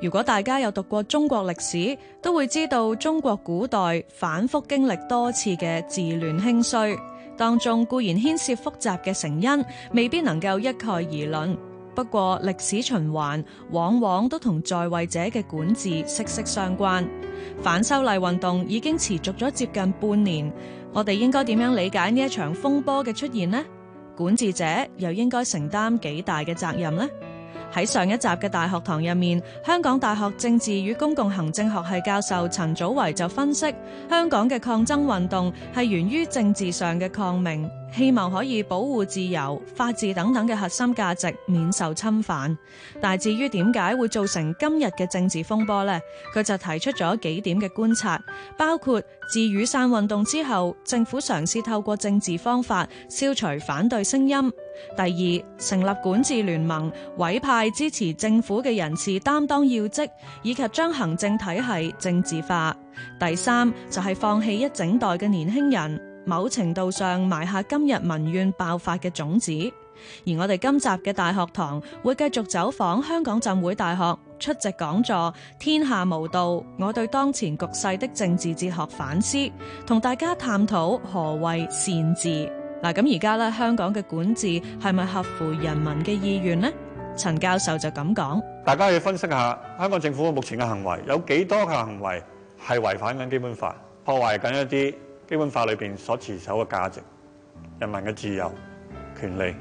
如果大家有讀過中國歷史，都會知道中國古代反復經歷多次嘅治亂興衰，當中固然牽涉複雜嘅成因，未必能夠一概而論。不過歷史循環往往都同在位者嘅管治息息相關。反修例運動已經持續咗接近半年，我哋應該點樣理解呢一場風波嘅出現呢？管治者又應該承擔幾大嘅責任呢？喺上一集嘅大學堂入面，香港大學政治與公共行政學系教授陳祖為就分析，香港嘅抗爭運動係源於政治上嘅抗命。希望可以保護自由、法治等等嘅核心價值免受侵犯。但至於點解會造成今日嘅政治風波呢？佢就提出咗幾點嘅觀察，包括自雨傘運動之後，政府嘗試透過政治方法消除反對聲音；第二，成立管治聯盟，委派支持政府嘅人士擔當要職，以及將行政體系政治化；第三，就係放棄一整代嘅年輕人。某程度上埋下今日民怨爆發嘅種子，而我哋今集嘅大學堂會繼續走訪香港浸會大學，出席講座《天下無道》，我對當前局勢的政治哲學反思，同大家探討何謂善治。嗱，咁而家咧，香港嘅管治係咪合乎人民嘅意願咧？陳教授就咁講，大家要分析下香港政府目前嘅行為，有幾多嘅行為係違反緊基本法，破壞緊一啲。基本法裏面所持守嘅價值、人民嘅自由權利，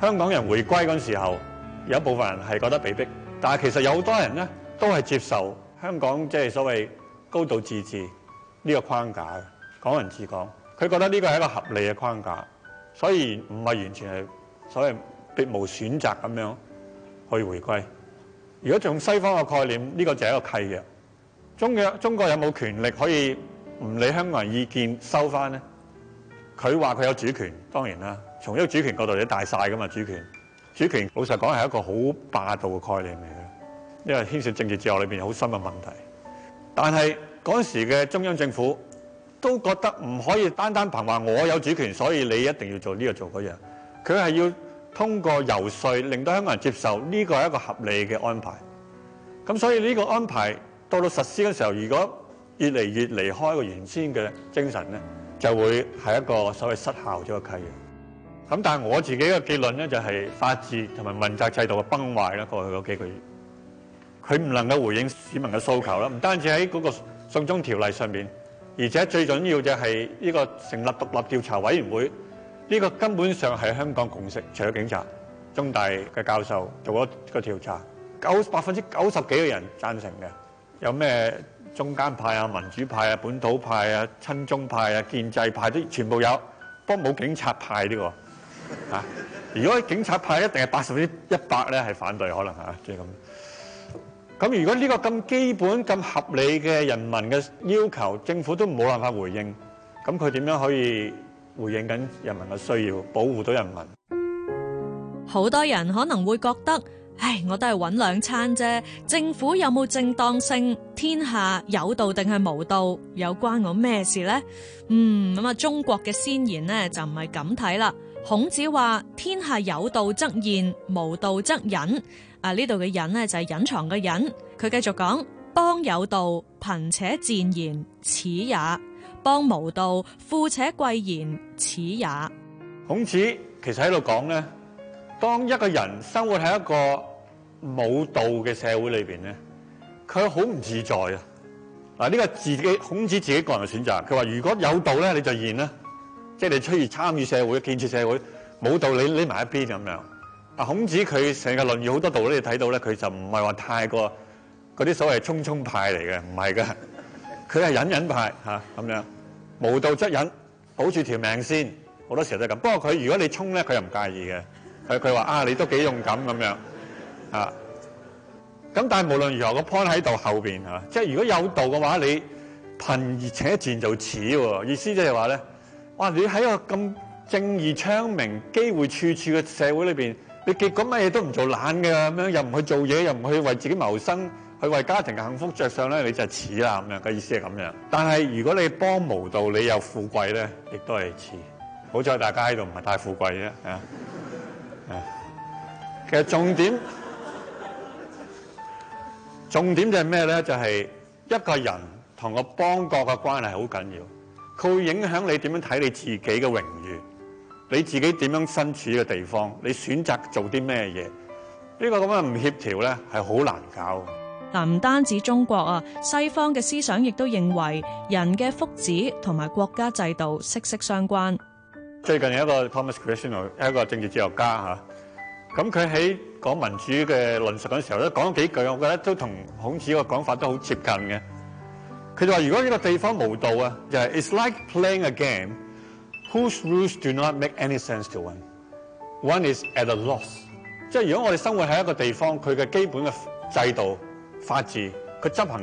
香港人回歸嗰陣時候，有一部分人係覺得被迫，但係其實有好多人咧都係接受香港即係、就是、所謂高度自治呢個框架嘅，港人治港，佢覺得呢個係一個合理嘅框架，所以唔係完全係所謂別無選擇咁樣去回歸。如果用西方嘅概念，呢、這個就係一個契約。中央中國有冇權力可以？唔理香港人意見收翻呢，佢話佢有主權，當然啦。從一個主權角度大嘛，你大曬噶嘛主權？主權老實講係一個好霸道嘅概念嚟嘅，因為牽涉政治哲學裏面好深嘅問題。但係嗰時嘅中央政府都覺得唔可以單單憑話我有主權，所以你一定要做呢、這個做嗰、那、樣、個。佢係要通過遊説，令到香港人接受呢、這個係一個合理嘅安排。咁所以呢個安排到到實施嘅時候，如果越嚟越離開個原先嘅精神咧，就會係一個所謂失效咗嘅契約。咁但係我自己嘅結論咧，就係法治同埋問責制度嘅崩壞啦。過去嗰幾個月，佢唔能夠回應市民嘅訴求啦，唔單止喺嗰個送中條例上面，而且最緊要就係呢個成立獨立調查委員會，呢個根本上係香港共識，除咗警察、中大嘅教授做咗個調查，九百分之九十幾嘅人贊成嘅，有咩？中間派啊、民主派啊、本土派啊、親中派啊、建制派都全部有，不過冇警察派呢個啊！如果警察派一定係八十至一百咧，係反對可能嚇，即係咁。咁如果呢個咁基本、咁合理嘅人民嘅要求，政府都冇辦法回應，咁佢點樣可以回應緊人民嘅需要，保護到人民？好多人可能會覺得。唉，我都係搵兩餐啫。政府有冇正當性？天下有道定係無道，有關我咩事呢？嗯，咁啊，中國嘅先賢呢，就唔係咁睇啦。孔子話：天下有道則現，無道則隱。啊，呢度嘅隱呢，就係隱藏嘅隱。佢繼續講：邦有道，貧且賤，焉，恥也；邦無道，富且貴，焉，恥也。孔子其實喺度講呢。當一個人生活喺一個冇道嘅社會裏邊咧，佢好唔自在啊！嗱，呢個自己孔子自己個人嘅選擇，佢話如果有道咧，你就現啦，即係你出面參與社會、建設社會；冇道你匿埋一邊咁樣。啊，孔子佢成個論語好多道咧，你睇到咧，佢就唔係話太過嗰啲所謂衝衝派嚟嘅，唔係噶，佢係隱隱派吓咁樣。冇道則隱，保住條命先，好多時候都係咁。不過佢如果你衝咧，佢又唔介意嘅。佢佢話：啊，你都幾勇敢咁樣啊！咁但係無論如何，個 point 喺度後面，啊、即係如果有道嘅話，你貧而且賤就似喎。意思即係話咧，哇！你喺一個咁正義昌明、機會處處嘅社會裏面，你結果咩嘢都唔做懶，懶嘅咁樣，又唔去做嘢，又唔去為自己謀生，去為家庭嘅幸福着想咧，你就似啦咁樣嘅意思係咁樣。但係如果你幫無道，你又富貴咧，亦都係似。好彩大家喺度唔係太富貴啫啊！ 其實重點，重點就係咩呢？就係一個人同個邦國嘅關係好緊要，佢會影響你點樣睇你自己嘅榮譽，你自己點樣身處嘅地方，你選擇做啲咩嘢。呢個咁樣唔協調呢，係好難搞。嗱，唔單止中國啊，西方嘅思想亦都認為人嘅福祉同埋國家制度息息相關。最近一個 Thomas Christiano 一個政治哲學家嚇，咁佢喺講民主嘅論述嗰陣時候咧，講咗幾句，我覺得都同孔子個講法都好接近嘅。佢就話：如果呢個地方無道啊，就係、是、It's like playing a game whose rules do not make any sense to one. One is at a loss、嗯。即係如果我哋生活喺一個地方，佢嘅基本嘅制度、法治、佢執行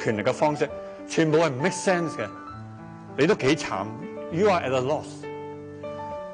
權力嘅方式，全部係唔 make sense 嘅，你都幾慘。You are at a loss。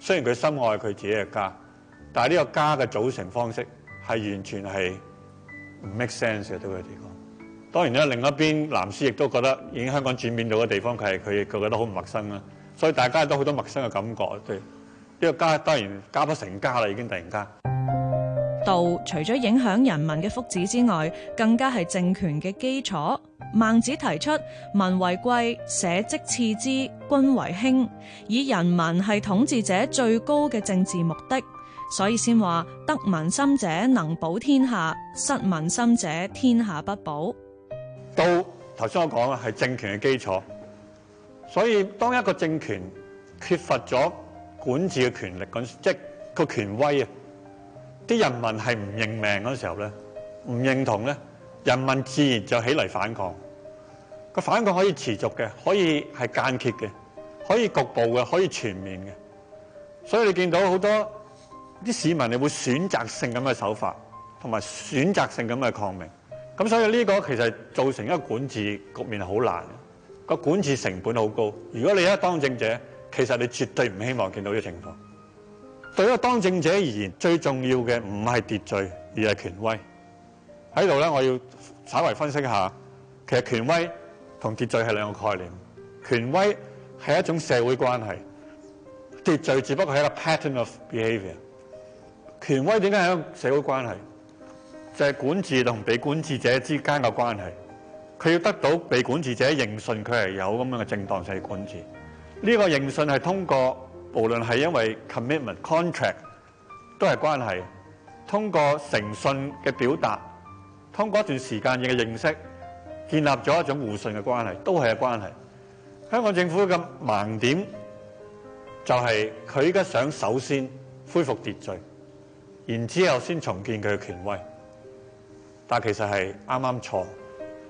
雖然佢深愛佢自己嘅家，但係呢個家嘅組成方式係完全係唔 make sense 嘅，對佢嚟講。當然啦，另一邊藍絲亦都覺得，已經在香港轉變到嘅地方，佢係佢亦佢覺得好唔陌生啦。所以大家都好多陌生嘅感覺，對呢、呢個家當然家不成家啦，已經突然間。道除咗影響人民嘅福祉之外，更加係政權嘅基礎。孟子提出民為貴，社稷次之，君為輕，以人民係統治者最高嘅政治目的，所以先話得民心者能保天下，失民心者天下不保。到頭先我講嘅係政權嘅基礎，所以當一個政權缺乏咗管治嘅權力咁，即係個權威啊。啲人民係唔認命嗰時候咧，唔認同咧，人民自然就起嚟反抗。個反抗可以持續嘅，可以係間歇嘅，可以局部嘅，可以全面嘅。所以你見到好多啲市民，你會選擇性咁嘅手法，同埋選擇性咁嘅抗命。咁所以呢個其實造成一個管治局面係好難嘅，個管治成本好高。如果你一當政者，其實你絕對唔希望見到呢個情況。對一個當政者而言，最重要嘅唔係秩序，而係權威。喺度咧，我要稍微分析一下。其實權威同秩序係兩個概念。權威係一種社會關係，秩序只不過係一個 pattern of behavior。權威點解係一個社會關係？就係、是、管治同被管治者之間嘅關係。佢要得到被管治者認信佢係有咁樣嘅正當性的管治。呢、這個認信係通過。無論係因為 commitment、contract 都係關係，通過誠信嘅表達，通過一段時間嘅認識，建立咗一種互信嘅關係，都係有關係。香港政府嘅盲點就係佢而家想首先恢復秩序，然之後先重建佢嘅權威，但其實係啱啱錯，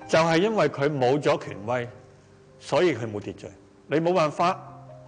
就係因為佢冇咗權威，所以佢冇秩序。你冇辦法。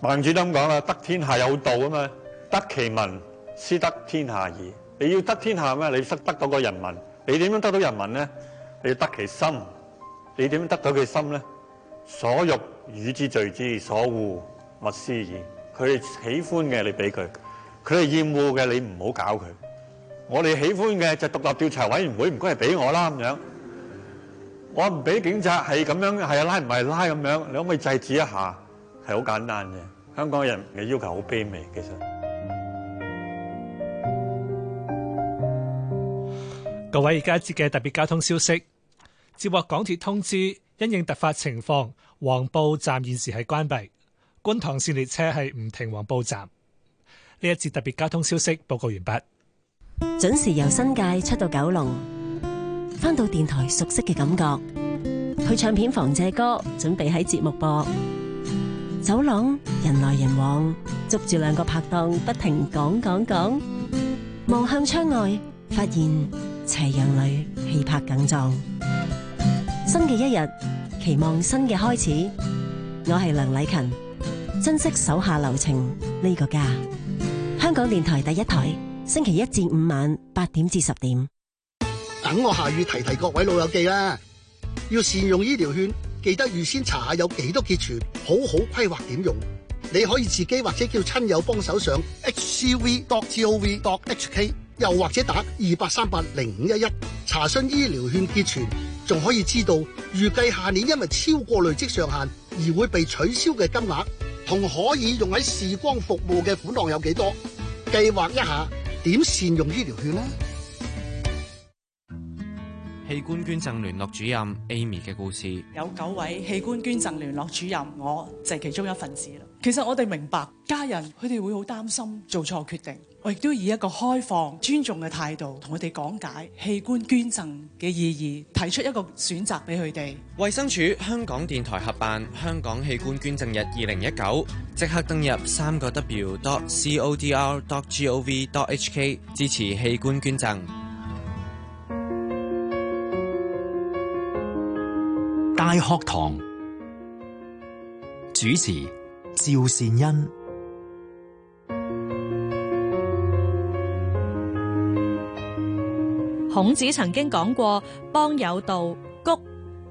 孟子都咁講啦，得天下有道啊嘛，得其民，斯得天下矣。你要得天下咩？你得得到個人民。你點樣得到人民咧？你要得其心。你點樣得到佢心咧？所欲與之聚之，所惡勿施焉。佢哋喜歡嘅你俾佢，佢哋厭惡嘅你唔好搞佢。我哋喜歡嘅就是獨立調查委員會，唔該，係俾我啦咁樣。我唔俾警察係咁樣，係拉唔係拉咁樣，你可唔可以制止一下？係好簡單嘅，香港人嘅要求好卑微，其實。各位而家接嘅特別交通消息，接獲港鐵通知，因應突發情況，黃埔站現時係關閉，觀塘線列車係唔停黃埔站。呢一節特別交通消息報告完畢。準時由新界出到九龍，返到電台熟悉嘅感覺，去唱片房借歌，準備喺節目播。走廊人來人往，捉住兩個拍檔，不停講講講。望向窗外，發現斜陽裏氣魄更壯。新嘅一日，期望新嘅開始。我係梁禮勤，珍惜手下留情呢個家。香港電台第一台，星期一至五晚八點至十點。等我下雨提提各位老友記啦，要善用醫療券，記得預先查下有幾多結存。好好規劃點用，你可以自己或者叫親友幫手上 hcv.gov.hk，又或者打二八三八零五一一查詢醫療券結存，仲可以知道預計下年因為超過累積上限而會被取消嘅金額，同可以用喺視光服務嘅款項有幾多，計劃一下點善用醫療券呢。器官捐贈聯絡主任 Amy 嘅故事，有九位器官捐贈聯絡主任，我就係其中一份子啦。其實我哋明白家人佢哋會好擔心做錯決定，我亦都以一個開放、尊重嘅態度同佢哋講解器官捐贈嘅意義，提出一個選擇俾佢哋。衛生署、香港電台合辦香港器官捐贈日，二零一九即刻登入三個 w dot c o d r dot g o v dot h k 支持器官捐贈。大學堂主持趙善恩。孔子曾經講過：邦有道，谷；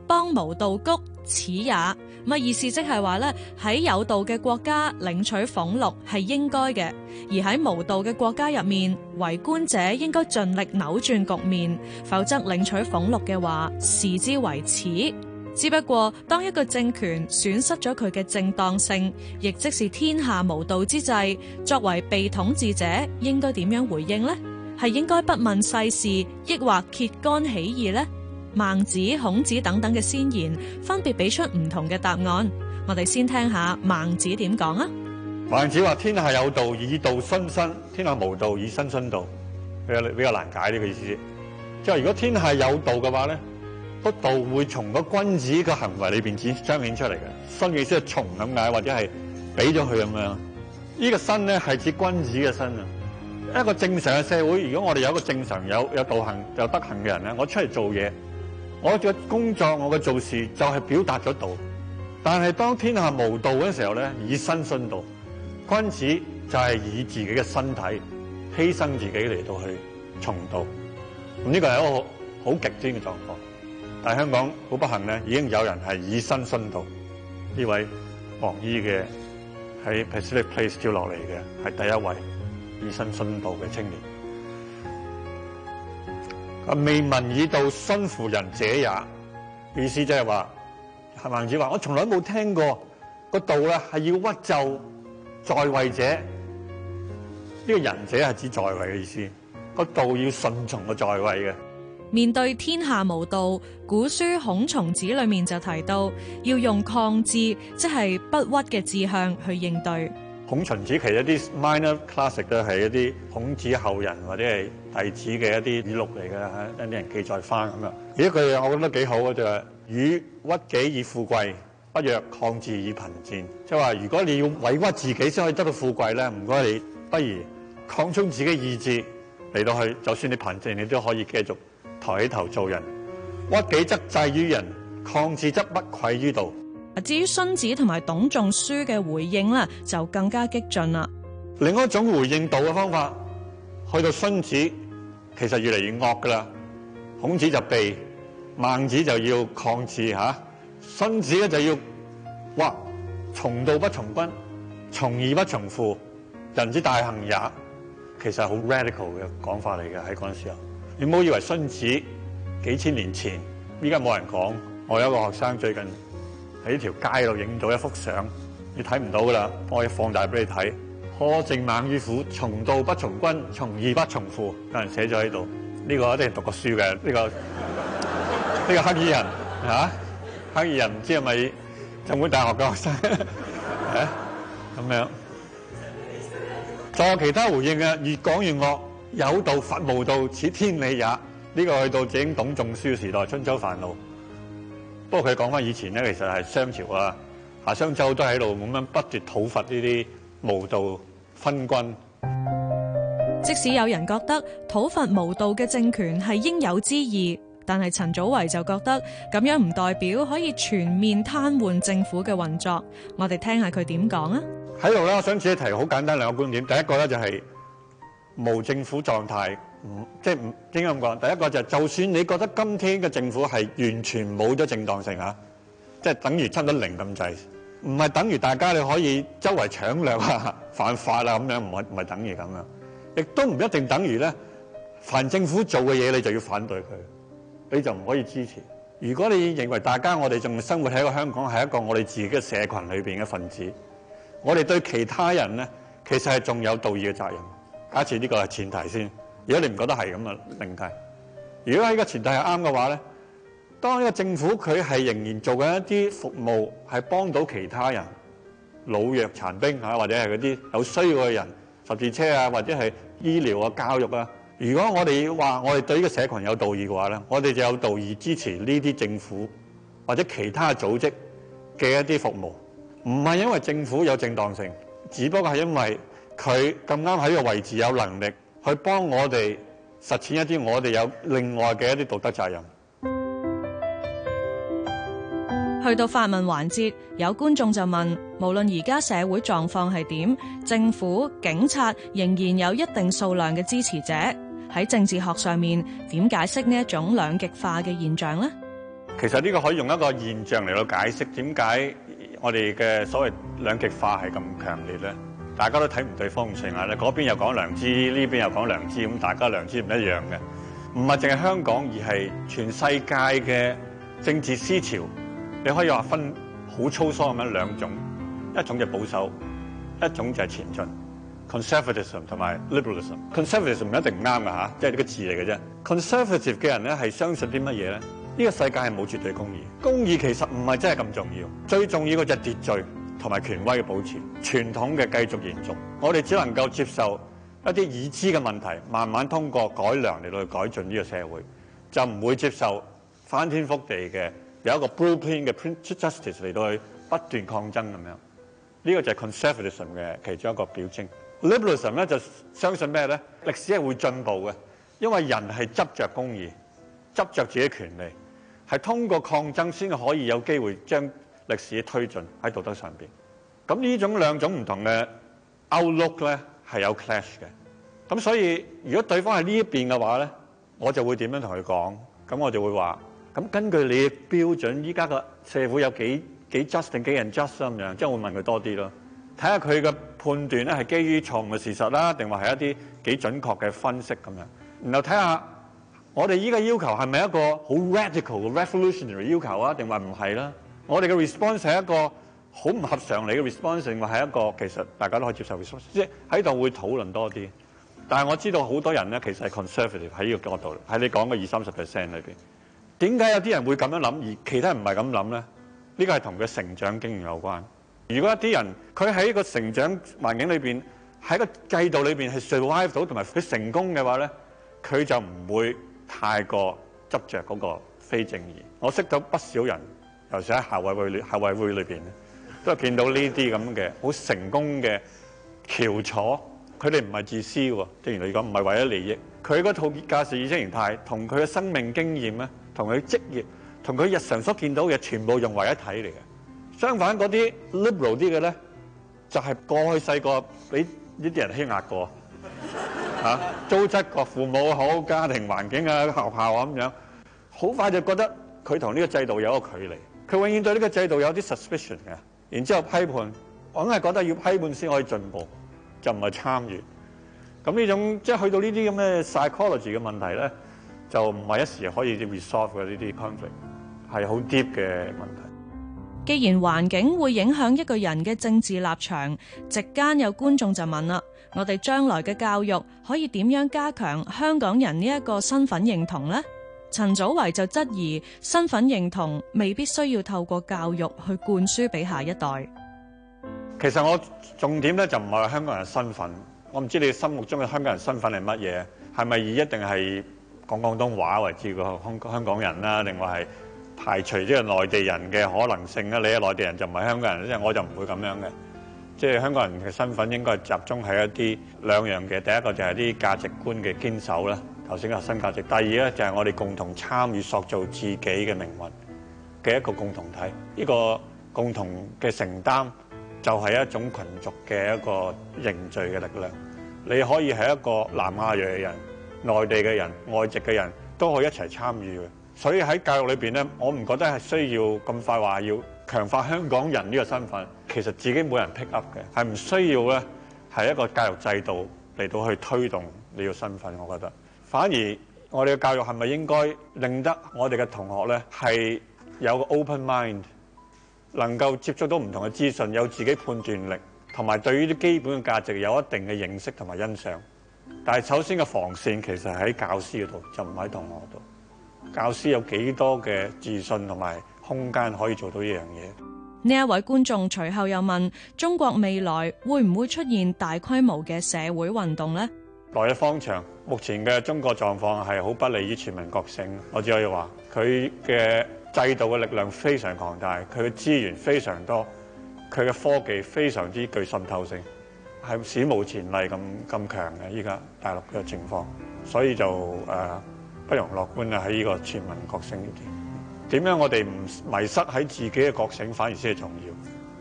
邦無道，谷，恥也。咁意思即係話咧，喺有道嘅國家領取俸祿係應該嘅；而喺無道嘅國家入面，為官者應該盡力扭轉局面，否則領取俸祿嘅話，視之為恥。只不過當一個政權損失咗佢嘅正當性，亦即是天下無道之際，作為被統治者，應該點樣回應呢？係應該不問世事，抑或揭竿起義呢？孟子、孔子等等嘅先賢，分別俾出唔同嘅答案。我哋先聽下孟子點講啊？孟子話：天下有道，以道殉身；天下無道，以身殉道。比較難解呢個意思，即係如果天下有道嘅話呢。個道會從嗰君子嘅行為裏面展彰顯出嚟嘅身，意思係從咁解，或者係俾咗佢咁樣。呢個身咧係指君子嘅身啊。一個正常嘅社會，如果我哋有一個正常有有道行有德行嘅人咧，我出嚟做嘢，我嘅工作我嘅做事就係表達咗道。但係當天下無道嘅時候咧，以身殉道，君子就係以自己嘅身體犧牲自己嚟到去從道。咁呢個係一個好極端嘅狀況。喺香港好不幸咧，已經有人係以身殉道。呢位黃衣嘅喺 Pacific Place 跳落嚟嘅，係第一位以身殉道嘅青年。未聞以道殉乎人者也，意思即係話，孟子話：我從來冇聽過個道咧係要屈就在位者。呢、呢個人者係指在位嘅意思，個道要順從個在位嘅。面對天下無道，古書《孔從子》裏面就提到要用抗志，即係不屈嘅志向去應對。《孔從子》其實啲 minor classic 都係、就是、一啲孔子後人或者係弟子嘅一啲語錄嚟㗎嚇，啲人記載翻咁啊。呢句我覺得幾好嘅就係、是、與屈己以富貴，不若抗志以貧賤，即係話如果你要委屈自己先可以得到富貴咧，唔該你不如擴充自己意志嚟到去，就算你貧賤，你都可以繼續。抬頭做人，屈己則制於人，抗志則不愧於道。啊，至於荀子同埋董仲舒嘅回應咧，就更加激進啦。另一種回應道嘅方法，去到荀子其實越嚟越惡噶啦。孔子就避，孟子就要抗志吓，荀、啊、子咧就要哇，從道不從君，從義不從父，人之大行也。其實好 radical 嘅講法嚟嘅喺嗰陣時候。你唔好以為荀子幾千年前，依家冇人講。我有一個學生最近喺條街度影到一幅相，你睇唔到噶啦，我可以放大俾你睇。苛政猛於虎，從道不從君，從義不從父。有人寫咗喺度，呢、這個一定係讀過書嘅，呢、這個呢 個黑衣人嚇、啊，黑衣人唔知係咪浸會大學嘅學生，咁、 啊、樣。仲有其他回應嘅，越講越惡。有道伐無道，此天理也。呢、這個去到整董仲舒時代，春秋繁露。不過佢講返以前咧，其實係商朝啊，夏商周都喺度咁樣不斷討伐呢啲無道昏君。即使有人覺得討伐無道嘅政權係應有之義，但係陳祖為就覺得咁樣唔代表可以全面癱瘓政府嘅運作。我哋聽下佢點講啊？喺度咧，我想自己提好簡單，兩個觀點。第一個咧就係、是。無政府狀態，即係應該咁講。第一個就係、是，就算你覺得今天嘅政府係完全冇咗正當性、啊、即係等於差咗零咁滯，唔係等於大家你可以周圍搶掠啊、犯法啦咁樣，唔係唔係等於咁樣，亦都唔一定等於咧。凡政府做嘅嘢，你就要反對佢，你就唔可以支持。如果你認為大家我哋仲生活喺個香港係一個我哋自己嘅社群裏邊嘅份子，我哋對其他人咧其實係仲有道義嘅責任。假設呢個係前提先，如果你唔覺得係咁啊，另計。如果喺個前提係啱嘅話咧，當呢個政府佢係仍然做緊一啲服務，係幫到其他人老弱殘兵嚇，或者係嗰啲有需要嘅人，十字車啊，或者係醫療啊、教育啊，如果我哋話我哋對呢個社羣有道義嘅話咧，我哋就有道義支持呢啲政府或者其他組織嘅一啲服務，唔係因為政府有正當性，只不過係因為，佢咁啱喺個位置有能力去幫我哋實踐一啲我哋有另外嘅一啲道德責任。去到發問環節，有觀眾就問，無論而家社會狀況係點，政府警察仍然有一定數量嘅支持者，喺政治學上面點解釋呢一種兩極化嘅現象咧？其實，呢個可以用一個現象嚟到解釋，點解我哋嘅所謂兩極化係咁強烈咧。大家都睇唔對方唔性啊！你嗰邊又講良知，呢邊又講良知，咁大家良知唔一樣嘅。唔係淨係香港，而係全世界嘅政治思潮。你可以話分好粗疏咁樣兩種，一種就保守，一種就係前進 Conservatism 同埋 liberalism。Conservatism 唔 Conservatism 一定啱嘅吓，即係呢個字嚟嘅啫。Conservative 嘅人咧係相信啲乜嘢咧？呢個世界係冇絕對公義，公義其實唔係真係咁重要，最重要嘅就係秩序。同埋權威嘅保持，傳統嘅繼續延續，我哋只能夠接受一啲已知嘅問題，慢慢通過改良嚟到去改進呢個社會，就唔會接受翻天覆地嘅，有一個 blueprint 嘅 justice 嚟到去不斷抗爭咁樣。呢、這個就係 conservatism 嘅其中一個表徵。liberalism 咧就相信咩咧？歷史係會進步嘅，因為人係執着公義，執着自己的權利，係通過抗爭先可以有機會將。歷史嘅推進喺道德上邊，咁呢種兩種唔同嘅 outlook 咧係有 clash 嘅。咁所以如果對方喺呢一邊嘅話咧，我就會點樣同佢講？咁我就會話咁根據你嘅標準，依家個社會有幾幾 just 定幾 unjust 咁、啊、樣，即係會問佢多啲咯，睇下佢嘅判斷咧係基於錯誤嘅事實啦，定話係一啲幾準確嘅分析咁樣。然後睇下我哋依個要求係咪一個好 radical 嘅 revolutionary 要求啊？定話唔係啦。我哋嘅 response 係一個好唔合常理嘅 response，定話係一個其實大家都可以接受 response，即係喺度會討論多啲。但係我知道好多人咧，其實係 conservative 喺呢個角度，喺你講嘅二三十 percent 裏邊，點解有啲人會咁樣諗，而其他人唔係咁諗咧？呢個係同佢成長經驗有關。如果一啲人佢喺個成長環境裏邊，喺個制度裏邊係 survive 到同埋佢成功嘅話咧，佢就唔會太過執著嗰個非正義，我識到不少人。尤其喺校委會、校委會裏邊，都係見到呢啲咁嘅好成功嘅翹楚。佢哋唔係自私喎，正如你講，唔係為咗利益。佢嗰套價值意識形態同佢嘅生命經驗咧，同佢職業、同佢日常所見到嘅全部融為一體嚟嘅。相反那些，嗰啲 liberal 啲嘅咧，就係、是、過去細個俾呢啲人欺壓過，嚇、啊，租質個父母好，家庭環境啊、學校啊咁樣，好快就覺得佢同呢個制度有一個距離。佢永遠對呢個制度有啲 suspicion 嘅，然之後批判，我梗係覺得要批判先可以進步，就唔係參與。咁呢種即係、就是、去到呢啲咁嘅 psychology 嘅問題咧，就唔係一時可以 resolve 嘅呢啲 conflict，係好 deep 嘅問題。既然環境會影響一個人嘅政治立場，席間有觀眾就問啦：我哋將來嘅教育可以點樣加強香港人呢一個身份認同咧？陳祖維就質疑身份認同未必需要透過教育去灌輸俾下一代。其實我重點咧就唔係香、香港人身份，我唔知你心目中嘅香港人身份係乜嘢，係咪以一定係講廣東話為主嘅香香港人啦？定話係排除呢個內地人嘅可能性咧？你係內地人就唔係香港人，即係我就唔會咁樣嘅。即係香港人嘅、就是、身份應該集中喺一啲兩樣嘅，第一個就係啲價值觀嘅堅守啦。頭先嘅核心價值，第二咧就係我哋共同參與塑造自己嘅命運嘅一個共同體呢、呢個共同嘅承擔就係一種群族嘅一個凝聚嘅力量。你可以係一個南亞裔嘅人、內地嘅人、外籍嘅人都可以一齊參與嘅。所以喺教育裏邊咧，我唔覺得係需要咁快話要強化香港人呢個身份。其實自己冇人 pick up 嘅係唔需要咧，係一個教育制度嚟到去推動你個身份。我覺得。反而我哋嘅教育係咪應該令得我哋嘅同學咧係有個 open mind，能夠接觸到唔同嘅資訊，有自己判斷力，同埋對於啲基本嘅價值有一定嘅認識同埋欣賞。但係首先嘅防線其實喺教師嗰度，就唔喺同學度。教師有幾多嘅自信同埋空間可以做到呢樣嘢？呢一位觀眾隨後又問，中國未來會唔會出現大規模嘅社會運動咧？來日方長，目前嘅中國狀況係好不利於全民覺醒的。我只可以話，佢嘅制度嘅力量非常強大，佢嘅資源非常多，佢嘅科技非常之具滲透性，係史無前例咁咁強嘅。依家大陸嘅情況，所以就誒、呃、不容樂觀啊！喺呢個全民覺醒呢邊，點樣我哋唔迷失喺自己嘅覺醒，反而先係重要。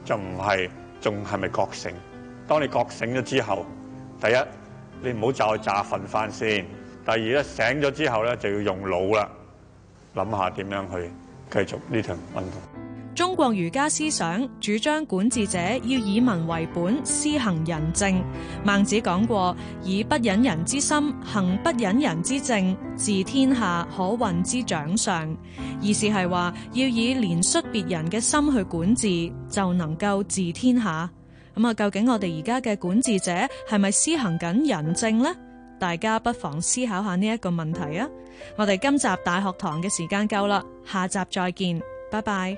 就唔係仲係咪覺醒？當你覺醒咗之後，第一。你唔好再詐瞓翻先。第二咧，醒咗之後咧，就要用腦啦，諗下點樣去繼續呢場運動。中國儒家思想主張管治者要以民為本，施行仁政。孟子講過：以不忍人之心，行不忍人之政，治天下可運之掌上。意思係話，要以連率別人嘅心去管治，就能夠治天下。咁啊，究竟我哋而家嘅管治者係咪施行緊人政呢？大家不妨思考下呢一個問題啊！我哋今集大學堂嘅時間夠啦，下集再見，拜拜。